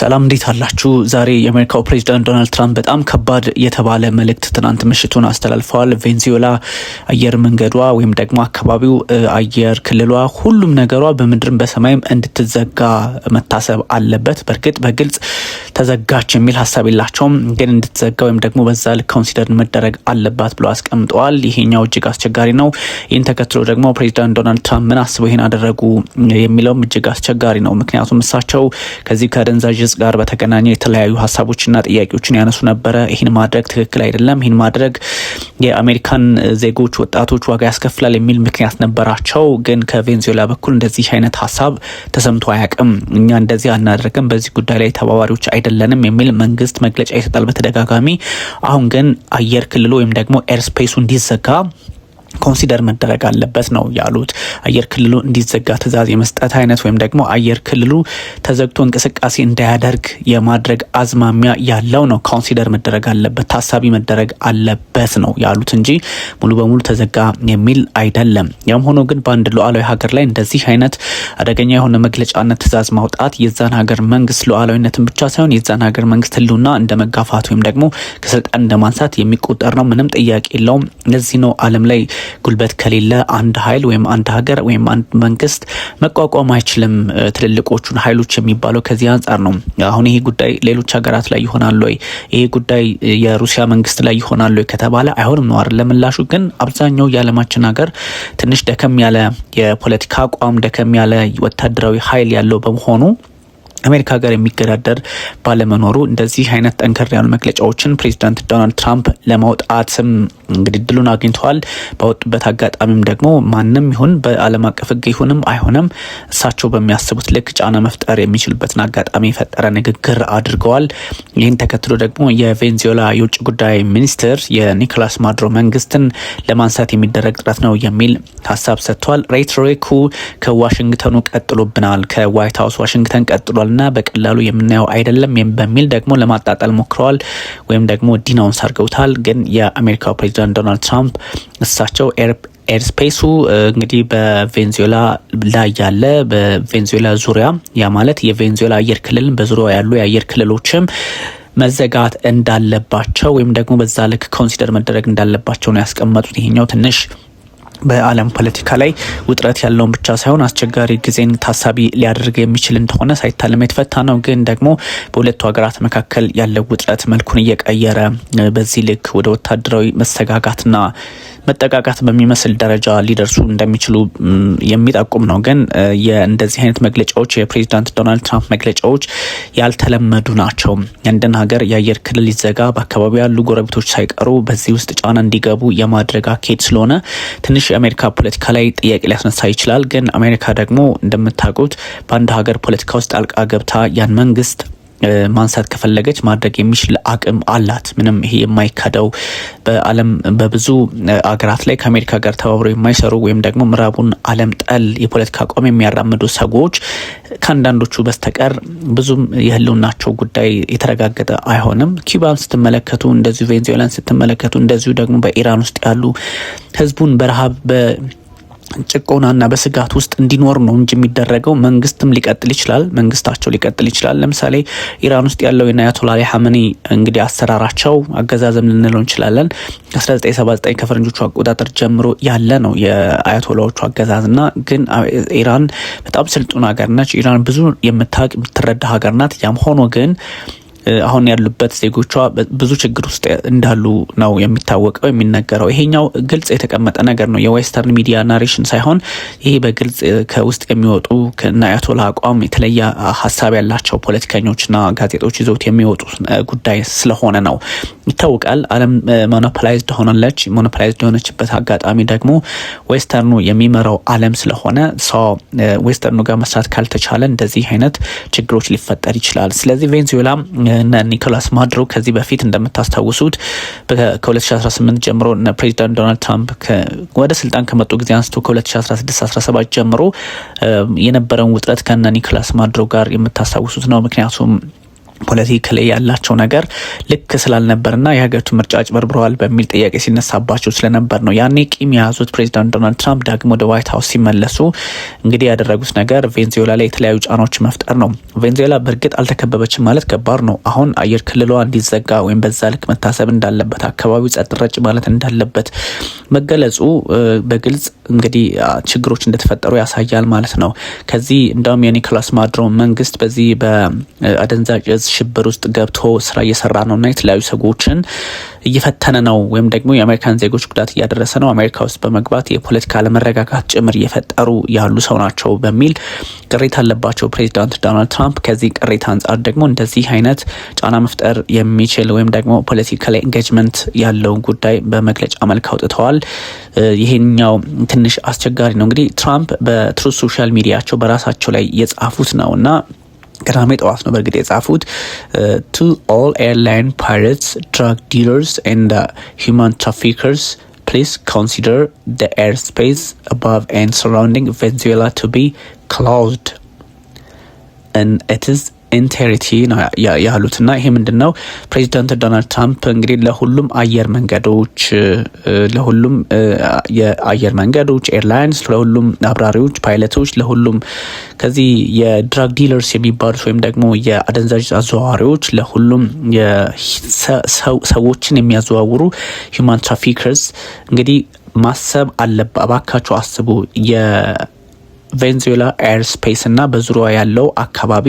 ሰላም እንዴት አላችሁ? ዛሬ የአሜሪካው ፕሬዚዳንት ዶናልድ ትራምፕ በጣም ከባድ የተባለ መልእክት ትናንት ምሽቱን አስተላልፈዋል። ቬንዙዌላ አየር መንገዷ ወይም ደግሞ አካባቢው አየር ክልሏ፣ ሁሉም ነገሯ በምድርም በሰማይም እንድትዘጋ መታሰብ አለበት። በእርግጥ በግልጽ ተዘጋች የሚል ሀሳብ የላቸውም፣ ግን እንድትዘጋ ወይም ደግሞ በዛ ልክ ኮንሲደር መደረግ አለባት ብሎ አስቀምጠዋል። ይሄኛው እጅግ አስቸጋሪ ነው። ይህን ተከትሎ ደግሞ ፕሬዚዳንት ዶናልድ ትራምፕ ምን አስበው ይህን አደረጉ የሚለውም እጅግ አስቸጋሪ ነው። ምክንያቱም እሳቸው ከዚህ ከደንዛዥ ከግብጽ ጋር በተገናኘ የተለያዩ ሀሳቦችና ጥያቄዎችን ያነሱ ነበረ። ይህን ማድረግ ትክክል አይደለም፣ ይህን ማድረግ የአሜሪካን ዜጎች ወጣቶች ዋጋ ያስከፍላል የሚል ምክንያት ነበራቸው። ግን ከቬንዙዌላ በኩል እንደዚህ አይነት ሀሳብ ተሰምቶ አያውቅም። እኛ እንደዚህ አናደርግም፣ በዚህ ጉዳይ ላይ ተባባሪዎች አይደለንም የሚል መንግስት መግለጫ ይሰጣል በተደጋጋሚ። አሁን ግን አየር ክልሉ ወይም ደግሞ ኤርስፔሱ እንዲዘጋ ኮንሲደር መደረግ አለበት ነው ያሉት። አየር ክልሉ እንዲዘጋ ትእዛዝ የመስጠት አይነት ወይም ደግሞ አየር ክልሉ ተዘግቶ እንቅስቃሴ እንዳያደርግ የማድረግ አዝማሚያ ያለው ነው ኮንሲደር መደረግ አለበት፣ ታሳቢ መደረግ አለበት ነው ያሉት እንጂ ሙሉ በሙሉ ተዘጋ የሚል አይደለም። ያም ሆኖ ግን በአንድ ሉዓላዊ ሀገር ላይ እንደዚህ አይነት አደገኛ የሆነ መግለጫነት ትእዛዝ ማውጣት የዛን ሀገር መንግስት ሉዓላዊነትን ብቻ ሳይሆን የዛን ሀገር መንግስት ህልውና እንደ መጋፋት ወይም ደግሞ ከስልጣን እንደ ማንሳት የሚቆጠር ነው። ምንም ጥያቄ የለውም። ለዚህ ነው አለም ላይ ጉልበት ከሌለ አንድ ኃይል ወይም አንድ ሀገር ወይም አንድ መንግስት መቋቋም አይችልም። ትልልቆቹን ኃይሎች የሚባለው ከዚህ አንጻር ነው። አሁን ይሄ ጉዳይ ሌሎች ሀገራት ላይ ይሆናል ወይ? ይሄ ጉዳይ የሩሲያ መንግስት ላይ ይሆናል ወይ ከተባለ አይሆንም ነው አይደል? ለምላሹ ግን አብዛኛው የዓለማችን ሀገር ትንሽ ደከም ያለ የፖለቲካ አቋም፣ ደከም ያለ ወታደራዊ ኃይል ያለው በመሆኑ አሜሪካ ጋር የሚገዳደር ባለመኖሩ እንደዚህ አይነት ጠንከር ያሉ መግለጫዎችን ፕሬዚዳንት ዶናልድ ትራምፕ ለማውጣትም እንግዲህ አግኝተዋል። በወጡበት አጋጣሚም ደግሞ ማንም ይሁን በዓለም አቀፍ ሕግ ይሁንም አይሆንም እሳቸው በሚያስቡት ልክ ጫና መፍጠር የሚችሉበትን አጋጣሚ የፈጠረ ንግግር አድርገዋል። ይህን ተከትሎ ደግሞ የቬንዙዌላ የውጭ ጉዳይ ሚኒስትር የኒኮላስ ማዱሮ መንግስትን ለማንሳት የሚደረግ ጥረት ነው የሚል ሀሳብ ሰጥቷል። ሬትሪኩ ከዋሽንግተኑ ቀጥሎብናል፣ ከዋይት ሀውስ ዋሽንግተን ቀጥሏል ቀላልና በቀላሉ የምናየው አይደለም በሚል ደግሞ ለማጣጣል ሞክረዋል ወይም ደግሞ ዲናውን ሰርገውታል። ግን የአሜሪካው ፕሬዚዳንት ዶናልድ ትራምፕ እሳቸው ኤርስፔሱ እንግዲህ በቬንዙዌላ ላይ ያለ በቬንዙዌላ ዙሪያ ያ ማለት የቬንዙዌላ አየር ክልልን በዙሪያ ያሉ የአየር ክልሎችም መዘጋት እንዳለባቸው ወይም ደግሞ በዛ ልክ ኮንሲደር መደረግ እንዳለባቸው ነው ያስቀመጡት። ይሄኛው ትንሽ በዓለም ፖለቲካ ላይ ውጥረት ያለውን ብቻ ሳይሆን አስቸጋሪ ጊዜን ታሳቢ ሊያደርግ የሚችል እንደሆነ ሳይታለም የተፈታ ነው። ግን ደግሞ በሁለቱ ሀገራት መካከል ያለው ውጥረት መልኩን እየቀየረ በዚህ ልክ ወደ ወታደራዊ መሰጋጋትና መጠቃቃት በሚመስል ደረጃ ሊደርሱ እንደሚችሉ የሚጠቁም ነው። ግን እንደዚህ አይነት መግለጫዎች የፕሬዚዳንት ዶናልድ ትራምፕ መግለጫዎች ያልተለመዱ ናቸው። የአንድን ሀገር የአየር ክልል ሊዘጋ በአካባቢ ያሉ ጎረቤቶች ሳይቀሩ በዚህ ውስጥ ጫና እንዲገቡ የማድረግ አካሄድ ስለሆነ ትንሽ የአሜሪካ ፖለቲካ ላይ ጥያቄ ሊያስነሳ ይችላል። ግን አሜሪካ ደግሞ እንደምታውቁት በአንድ ሀገር ፖለቲካ ውስጥ ጣልቃ ገብታ ያን መንግስት ማንሳት ከፈለገች ማድረግ የሚችል አቅም አላት። ምንም ይሄ የማይካደው በዓለም በብዙ አገራት ላይ ከአሜሪካ ጋር ተባብረው የማይሰሩ ወይም ደግሞ ምዕራቡን ዓለም ጠል የፖለቲካ አቋም የሚያራምዱ ሰዎች ከአንዳንዶቹ በስተቀር ብዙም የህልውናቸው ጉዳይ የተረጋገጠ አይሆንም። ኪባን ስትመለከቱ እንደዚሁ፣ ቬንዙዌላን ስትመለከቱ እንደዚሁ ደግሞ በኢራን ውስጥ ያሉ ህዝቡን በረሃብ ጭቆናና በስጋት ውስጥ እንዲኖር ነው እንጂ የሚደረገው መንግስትም ሊቀጥል ይችላል፣ መንግስታቸው ሊቀጥል ይችላል። ለምሳሌ ኢራን ውስጥ ያለው የአያቶላ አሊ ሀመኒ እንግዲህ አሰራራቸው አገዛዘም ልንለው እንችላለን ከ1979 ከፈረንጆቹ አቆጣጠር ጀምሮ ያለ ነው የአያቶላዎቹ አገዛዝና ግን ኢራን በጣም ስልጡን ሀገር ነች። ኢራን ብዙ የምታውቅ የምትረዳ ሀገር ናት። ያም ሆኖ ግን አሁን ያሉበት ዜጎቿ ብዙ ችግር ውስጥ እንዳሉ ነው የሚታወቀው የሚነገረው። ይሄኛው ግልጽ የተቀመጠ ነገር ነው፣ የዌስተርን ሚዲያ ናሬሽን ሳይሆን ይሄ በግልጽ ከውስጥ የሚወጡ ከአያቶላ አቋም የተለየ ሀሳብ ያላቸው ፖለቲከኞችና ጋዜጦች ይዘውት የሚወጡ ጉዳይ ስለሆነ ነው። ይታወቃል፣ ዓለም ሞኖፖላይዝድ ሆናለች። ሞኖፖላይዝድ የሆነችበት አጋጣሚ ደግሞ ዌስተርኑ የሚመራው ዓለም ስለሆነ ሰው ዌስተርኑ ጋር መስራት ካልተቻለ እንደዚህ አይነት ችግሮች ሊፈጠር ይችላል። ስለዚህ ቬንዙዌላ እነ ኒኮላስ ማድሮ ከዚህ በፊት እንደምታስታውሱት ከ2018 ጀምሮ ፕሬዚዳንት ዶናልድ ትራምፕ ወደ ስልጣን ከመጡ ጊዜ አንስቶ ከ 17 ጀምሮ የነበረውን ውጥረት ከነ ኒኮላስ ማድሮ ጋር የምታስታውሱት ነው። ምክንያቱም ፖለቲክ ላይ ያላቸው ነገር ልክ ስላልነበርና የሀገሪቱ ምርጫ አጭበርብረዋል በሚል ጥያቄ ሲነሳባቸው ስለነበር ነው ያኔ ቂም የያዙት። ፕሬዚዳንት ዶናልድ ትራምፕ ዳግም ወደ ዋይት ሀውስ ሲመለሱ እንግዲህ ያደረጉት ነገር ቬንዙዌላ ላይ የተለያዩ ጫናዎች መፍጠር ነው። ቬንዙዌላ በእርግጥ አልተከበበችም ማለት ከባድ ነው። አሁን አየር ክልሏ እንዲዘጋ ወይም በዛ ልክ መታሰብ እንዳለበት፣ አካባቢው ጸጥ ረጭ ማለት እንዳለበት መገለጹ በግልጽ እንግዲህ ችግሮች እንደተፈጠሩ ያሳያል ማለት ነው። ከዚህ እንዳውም የኒኮላስ ማድሮ መንግስት በዚህ በአደንዛዥ ሽብር ውስጥ ገብቶ ስራ እየሰራ ነው እና የተለያዩ ሰዎችን እየፈተነ ነው ወይም ደግሞ የአሜሪካን ዜጎች ጉዳት እያደረሰ ነው አሜሪካ ውስጥ በመግባት የፖለቲካ አለመረጋጋት ጭምር እየፈጠሩ ያሉ ሰው ናቸው በሚል ቅሬታ አለባቸው ፕሬዚዳንት ዶናልድ ትራምፕ። ከዚህ ቅሬታ አንጻር ደግሞ እንደዚህ አይነት ጫና መፍጠር የሚችል ወይም ደግሞ ፖለቲካል ኤንጌጅመንት ያለው ጉዳይ በመግለጫ መልክ አውጥተዋል። ይሄኛው ትንሽ አስቸጋሪ ነው። እንግዲህ ትራምፕ በትሩ ሶሻል ሚዲያቸው በራሳቸው ላይ የጻፉት ነው እና ቅዳሜ ጠዋት ነው በእርግጥ የጻፉት ቱ ኦል ኤርላይን ፓይረትስ ድራግ ዲለርስ ኤንድ ሂማን ትራፊከርስ ፕሊስ ኮንሲደር ኤር ስፔስ አባቭ ኤንድ ሰራውንዲንግ ቬንዙዌላ ቱ ቢ ክሎዝድ and it is ኢንቴሪቲ ነው ያሉት እና ይሄ ምንድን ነው? ፕሬዚዳንት ዶናልድ ትራምፕ እንግዲህ ለሁሉም አየር መንገዶች ለሁሉም የአየር መንገዶች ኤርላይንስ፣ ለሁሉም አብራሪዎች፣ ፓይለቶች፣ ለሁሉም ከዚህ የድራግ ዲለርስ የሚባሉት ወይም ደግሞ የአደንዛዥ አዘዋዋሪዎች፣ ለሁሉም ሰዎችን የሚያዘዋውሩ ሂውማን ትራፊከርስ እንግዲህ ማሰብ አለባ እባካችሁ አስቡ። ቬንዙዌላ ኤርስፔስ እና በዙሪያ ያለው አካባቢ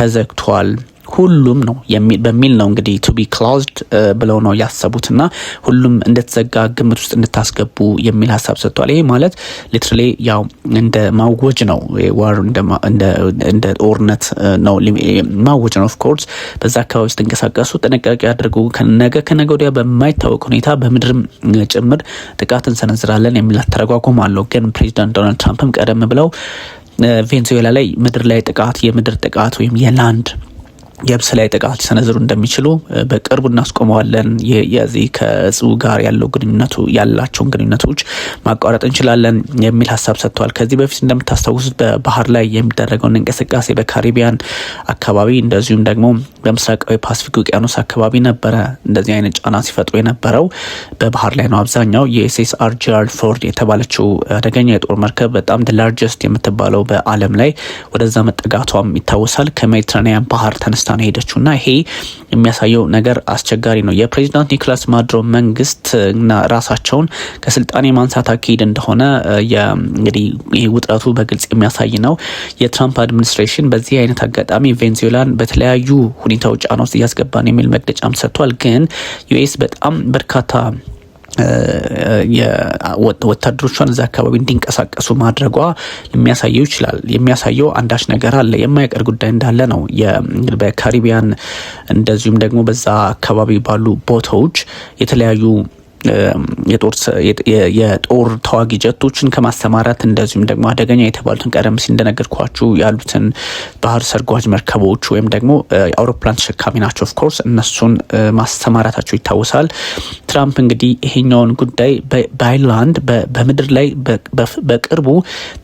ተዘግቷል ሁሉም ነው በሚል ነው እንግዲህ ቱ ቢ ክሎዝድ ብለው ነው ያሰቡት እና ሁሉም እንደተዘጋ ግምት ውስጥ እንድታስገቡ የሚል ሀሳብ ሰጥቷል። ይሄ ማለት ሊትራሊ ያው እንደ ማወጅ ነው፣ ዋር እንደ ጦርነት ነው ማወጅ ነው። ኦፍኮርስ በዛ አካባቢ ውስጥ ጥንቃቄ ያደርጉ ነገ ከነገ ወዲያ በማይታወቅ ሁኔታ በምድርም ጭምር ጥቃት እንሰነዝራለን የሚል አተረጓጎም አለው። ግን ፕሬዚዳንት ዶናልድ ትራምፕም ቀደም ብለው ቬንዙዌላ ላይ ምድር ላይ ጥቃት የምድር ጥቃት ወይም የላንድ የብስ ላይ ጥቃት ሊሰነዝሩ እንደሚችሉ በቅርቡ እናስቆመዋለን። የዚህ ከእጽ ጋር ያለው ግንኙነቱ ያላቸውን ግንኙነቶች ማቋረጥ እንችላለን የሚል ሀሳብ ሰጥተዋል። ከዚህ በፊት እንደምታስታውሱት በባህር ላይ የሚደረገውን እንቅስቃሴ በካሪቢያን አካባቢ እንደዚሁም ደግሞ በምስራቃዊ ፓስፊክ ውቅያኖስ አካባቢ ነበረ እንደዚህ አይነት ጫና ሲፈጥሩ የነበረው በባህር ላይ ነው። አብዛኛው የኤስኤስ አር ፎርድ የተባለችው አደገኛ የጦር መርከብ በጣም ደ ላርጀስት የምትባለው በዓለም ላይ ወደዛ መጠጋቷም ይታወሳል። ከሜዲትራኒያን ባህር ተነስታ ፓኪስታን ሄደችው እና ይሄ የሚያሳየው ነገር አስቸጋሪ ነው። የፕሬዚዳንት ኒኮላስ ማድሮ መንግስት እና ራሳቸውን ከስልጣን የማንሳት አካሄድ እንደሆነ እንግዲህ ይህ ውጥረቱ በግልጽ የሚያሳይ ነው። የትራምፕ አድሚኒስትሬሽን በዚህ አይነት አጋጣሚ ቬንዙዌላን በተለያዩ ሁኔታዎች ጫና ውስጥ እያስገባ ነው የሚል መግለጫም ሰጥቷል። ግን ዩኤስ በጣም በርካታ ወታደሮቿን እዚ አካባቢ እንዲንቀሳቀሱ ማድረጓ የሚያሳየው ይችላል የሚያሳየው አንዳች ነገር አለ የማይቀር ጉዳይ እንዳለ ነው። በካሪቢያን እንደዚሁም ደግሞ በዛ አካባቢ ባሉ ቦታዎች የተለያዩ የጦር ተዋጊ ጀቶችን ከማሰማራት እንደዚሁም ደግሞ አደገኛ የተባሉትን ቀደም ሲል እንደነገርኳችሁ ያሉትን ባህር ሰርጓጅ መርከቦች ወይም ደግሞ አውሮፕላን ተሸካሚ ናቸው። ኦፍኮርስ እነሱን ማሰማራታቸው ይታወሳል። ትራምፕ እንግዲህ ይሄኛውን ጉዳይ በአይላንድ በምድር ላይ በቅርቡ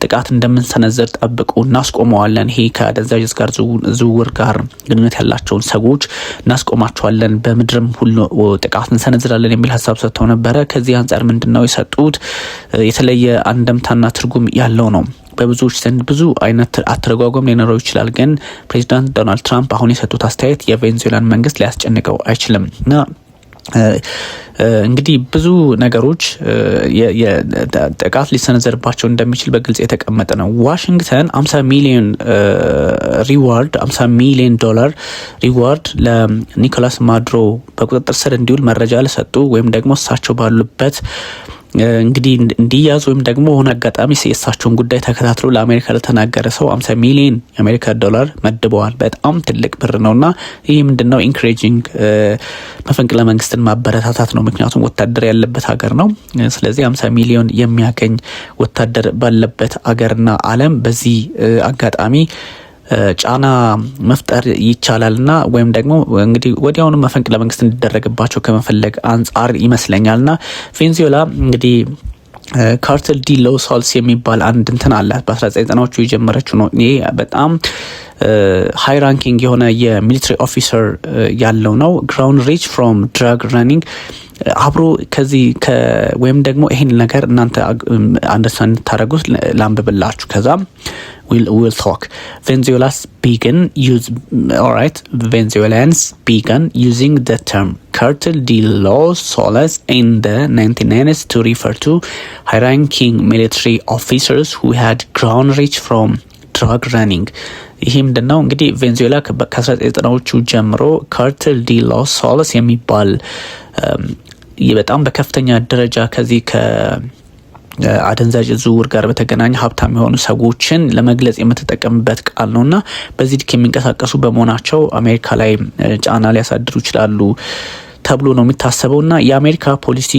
ጥቃት እንደምንሰነዘር ጠብቁ እናስቆመዋለን፣ ይሄ ከአደንዛዥ ጋር ዝውውር ጋር ግንኙነት ያላቸውን ሰዎች እናስቆማቸዋለን፣ በምድርም ሁሉ ጥቃት እንሰነዝራለን የሚል ሀሳብ ሰጥተው ነበረ። ከዚህ አንጻር ምንድን ነው የሰጡት የተለየ አንደምታና ትርጉም ያለው ነው። በብዙዎች ዘንድ ብዙ አይነት አተረጓጎም ሊኖረው ይችላል። ግን ፕሬዚዳንት ዶናልድ ትራምፕ አሁን የሰጡት አስተያየት የቬኔዙዌላን መንግስት ሊያስጨንቀው አይችልም እና እንግዲህ ብዙ ነገሮች ጥቃት ሊሰነዘርባቸው እንደሚችል በግልጽ የተቀመጠ ነው። ዋሽንግተን 50 ሚሊዮን ሪዋርድ 50 ሚሊዮን ዶላር ሪዋርድ ለኒኮላስ ማድሮ በቁጥጥር ስር እንዲውል መረጃ ለሰጡ ወይም ደግሞ እሳቸው ባሉበት እንግዲህ እንዲያዙ ወይም ደግሞ ሆነ አጋጣሚ የእሳቸውን ጉዳይ ተከታትሎ ለአሜሪካ ለተናገረ ሰው አምሳ ሚሊዮን የአሜሪካ ዶላር መድበዋል። በጣም ትልቅ ብር ነው እና ይህ ምንድነው ኢንክሬጂንግ መፈንቅለ መንግስትን ማበረታታት ነው። ምክንያቱም ወታደር ያለበት ሀገር ነው። ስለዚህ አምሳ ሚሊዮን የሚያገኝ ወታደር ባለበት አገርና አለም በዚህ አጋጣሚ ጫና መፍጠር ይቻላል እና ወይም ደግሞ እንግዲህ ወዲያውኑ መፈንቅለ መንግስት እንዲደረግባቸው ከመፈለግ አንጻር ይመስለኛል ና ቬንዙዌላ እንግዲህ ካርተል ዲ ሎሳልስ የሚባል አንድ እንትን አለ በ1990ዎቹ የጀመረችው ነው። ይሄ በጣም ሃይ ራንኪንግ የሆነ የሚሊትሪ ኦፊሰር ያለው ነው። ግራውንድ ሪች ፍሮም ድራግ ረኒንግ አብሮ ከዚህ ወይም ደግሞ ይሄን ነገር እናንተ አንደሳ እንድታደረጉት ላንብብላችሁ ከዛም we'll we'll talk. Venezuelans began use all right. Venezuelans began using the term cartel de los soles in the 1990s to refer to high-ranking military officers who had ground rich from drug running. ይህ ምንድን ነው እንግዲህ ቬንዙዌላ ከ1990ዎቹ ጀምሮ ካርተል ዲ ሎስ ሶለስ የሚባል በጣም በከፍተኛ ደረጃ ከዚህ አደንዛዥ ዝውውር ጋር በተገናኘ ሀብታም የሆኑ ሰዎችን ለመግለጽ የምትጠቀምበት ቃል ነው እና በዚህ ልክ የሚንቀሳቀሱ በመሆናቸው አሜሪካ ላይ ጫና ሊያሳድሩ ይችላሉ ተብሎ ነው የሚታሰበው እና የአሜሪካ ፖሊሲ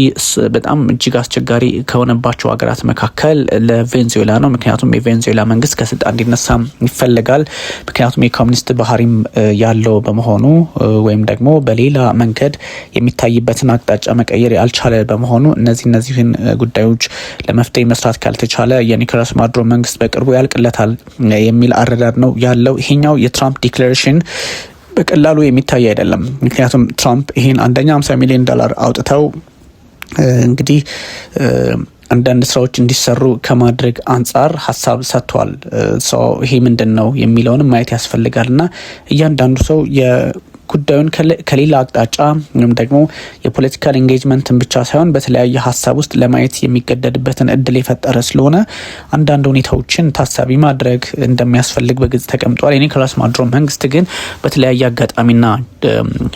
በጣም እጅግ አስቸጋሪ ከሆነባቸው ሀገራት መካከል ለቬንዙዌላ ነው። ምክንያቱም የቬንዙዌላ መንግስት ከስልጣን እንዲነሳ ይፈለጋል። ምክንያቱም የኮሚኒስት ባህሪም ያለው በመሆኑ ወይም ደግሞ በሌላ መንገድ የሚታይበትን አቅጣጫ መቀየር ያልቻለ በመሆኑ እነዚህ እነዚህን ጉዳዮች ለመፍትሄ መስራት ካልተቻለ የኒኮላስ ማድሮ መንግስት በቅርቡ ያልቅለታል የሚል አረዳድ ነው ያለው። ይሄኛው የትራምፕ ዲክሌሬሽን በቀላሉ የሚታይ አይደለም። ምክንያቱም ትራምፕ ይህን አንደኛ 50 ሚሊዮን ዶላር አውጥተው እንግዲህ አንዳንድ ስራዎች እንዲሰሩ ከማድረግ አንጻር ሀሳብ ሰጥቷል። ይሄ ምንድን ነው የሚለውንም ማየት ያስፈልጋል እና እያንዳንዱ ሰው ጉዳዩን ከሌላ አቅጣጫ ወይም ደግሞ የፖለቲካል ኢንጌጅመንትን ብቻ ሳይሆን በተለያየ ሀሳብ ውስጥ ለማየት የሚገደድበትን እድል የፈጠረ ስለሆነ አንዳንድ ሁኔታዎችን ታሳቢ ማድረግ እንደሚያስፈልግ በግልጽ ተቀምጧል። የኒኮላስ ማድሮ መንግስት ግን በተለያየ አጋጣሚና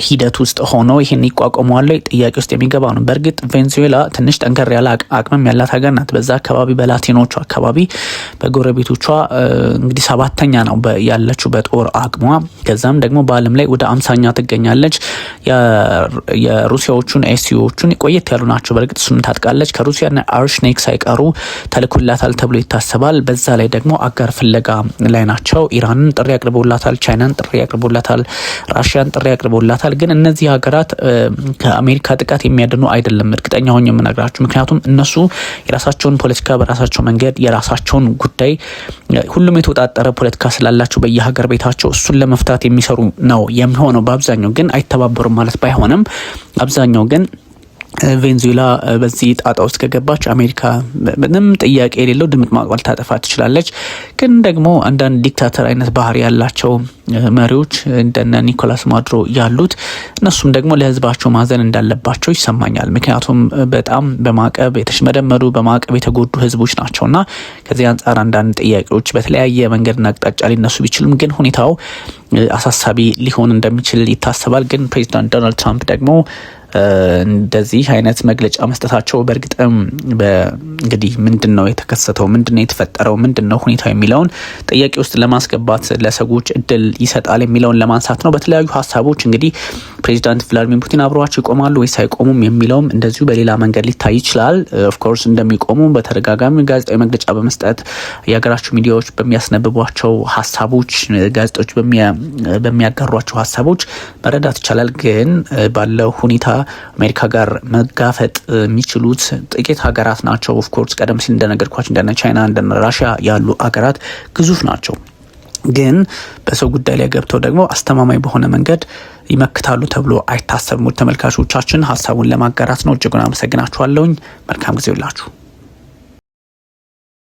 ሂደት ውስጥ ሆኖ ይህን ይቋቋመዋል ጥያቄ ውስጥ የሚገባ ነው። በእርግጥ ቬንዙዌላ ትንሽ ጠንከር ያለ አቅምም ያላት ሀገር ናት። በዛ አካባቢ በላቲኖቹ አካባቢ በጎረቤቶቿ እንግዲህ ሰባተኛ ነው ያለችው በጦር አቅሟ። ከዛም ደግሞ በዓለም ላይ ወደ አምሳኛ ሶስተኛ ትገኛለች። የሩሲያዎቹን ኤስዩዎቹን ቆየት ያሉ ናቸው። በእርግጥ እሱም ታጥቃለች። ከሩሲያና አርሽኔክ ሳይቀሩ ተልኩላታል ተብሎ ይታሰባል። በዛ ላይ ደግሞ አጋር ፍለጋ ላይ ናቸው። ኢራንን ጥሪ አቅርቦላታል። ቻይናን ጥሪ አቅርቦላታል። ራሽያን ጥሪ አቅርቦላታል። ግን እነዚህ ሀገራት ከአሜሪካ ጥቃት የሚያድኑ አይደለም፣ እርግጠኛ ሆኜ የምነግራችሁ። ምክንያቱም እነሱ የራሳቸውን ፖለቲካ በራሳቸው መንገድ የራሳቸውን ጉዳይ ሁሉም የተወጣጠረ ፖለቲካ ስላላቸው በየሀገር ቤታቸው እሱን ለመፍታት የሚሰሩ ነው የሚሆነው። በአብዛኛው ግን አይተባበሩም ማለት ባይሆንም አብዛኛው ግን ቬንዙዌላ በዚህ ጣጣ ውስጥ ከገባች አሜሪካ ምንም ጥያቄ የሌለው ድምጥ ማቋል ታጠፋ ትችላለች። ግን ደግሞ አንዳንድ ዲክታተር አይነት ባህሪ ያላቸው መሪዎች እንደነ ኒኮላስ ማዱሮ ያሉት እነሱም ደግሞ ለህዝባቸው ማዘን እንዳለባቸው ይሰማኛል። ምክንያቱም በጣም በማዕቀብ የተሽመደመዱ በማዕቀብ የተጎዱ ናቸው እና ከዚህ አንጻር አንዳንድ ጥያቄዎች በተለያየ መንገድና አቅጣጫ ሊነሱ ቢችሉም ግን ሁኔታው አሳሳቢ ሊሆን እንደሚችል ይታሰባል። ግን ፕሬዚዳንት ዶናልድ ትራምፕ ደግሞ እንደዚህ አይነት መግለጫ መስጠታቸው በእርግጥም እንግዲህ ምንድን ነው የተከሰተው፣ ምንድን ነው የተፈጠረው፣ ምንድን ነው ሁኔታው የሚለውን ጥያቄ ውስጥ ለማስገባት ለሰዎች እድል ይሰጣል የሚለውን ለማንሳት ነው። በተለያዩ ሀሳቦች እንግዲህ ፕሬዚዳንት ቭላዲሚር ፑቲን አብረዋቸው ይቆማሉ ወይስ አይቆሙም የሚለውም እንደዚሁ በሌላ መንገድ ሊታይ ይችላል። ኦፍኮርስ እንደሚቆሙ በተደጋጋሚ ጋዜጣዊ መግለጫ በመስጠት የሀገራቸው ሚዲያዎች በሚያስነብቧቸው ሀሳቦች፣ ጋዜጦች በሚያጋሯቸው ሀሳቦች መረዳት ይቻላል። ግን ባለው ሁኔታ አሜሪካ ጋር መጋፈጥ የሚችሉት ጥቂት ሀገራት ናቸው። ኦፍኮርስ ቀደም ሲል እንደነገርኳቸው እንደነ ቻይና እንደነ ራሽያ ያሉ ሀገራት ግዙፍ ናቸው። ግን በሰው ጉዳይ ላይ ገብተው ደግሞ አስተማማኝ በሆነ መንገድ ይመክታሉ ተብሎ አይታሰብም። ተመልካቾቻችን ሀሳቡን ለማጋራት ነው። እጅጉን አመሰግናችኋለሁኝ። መልካም ጊዜ ላችሁ።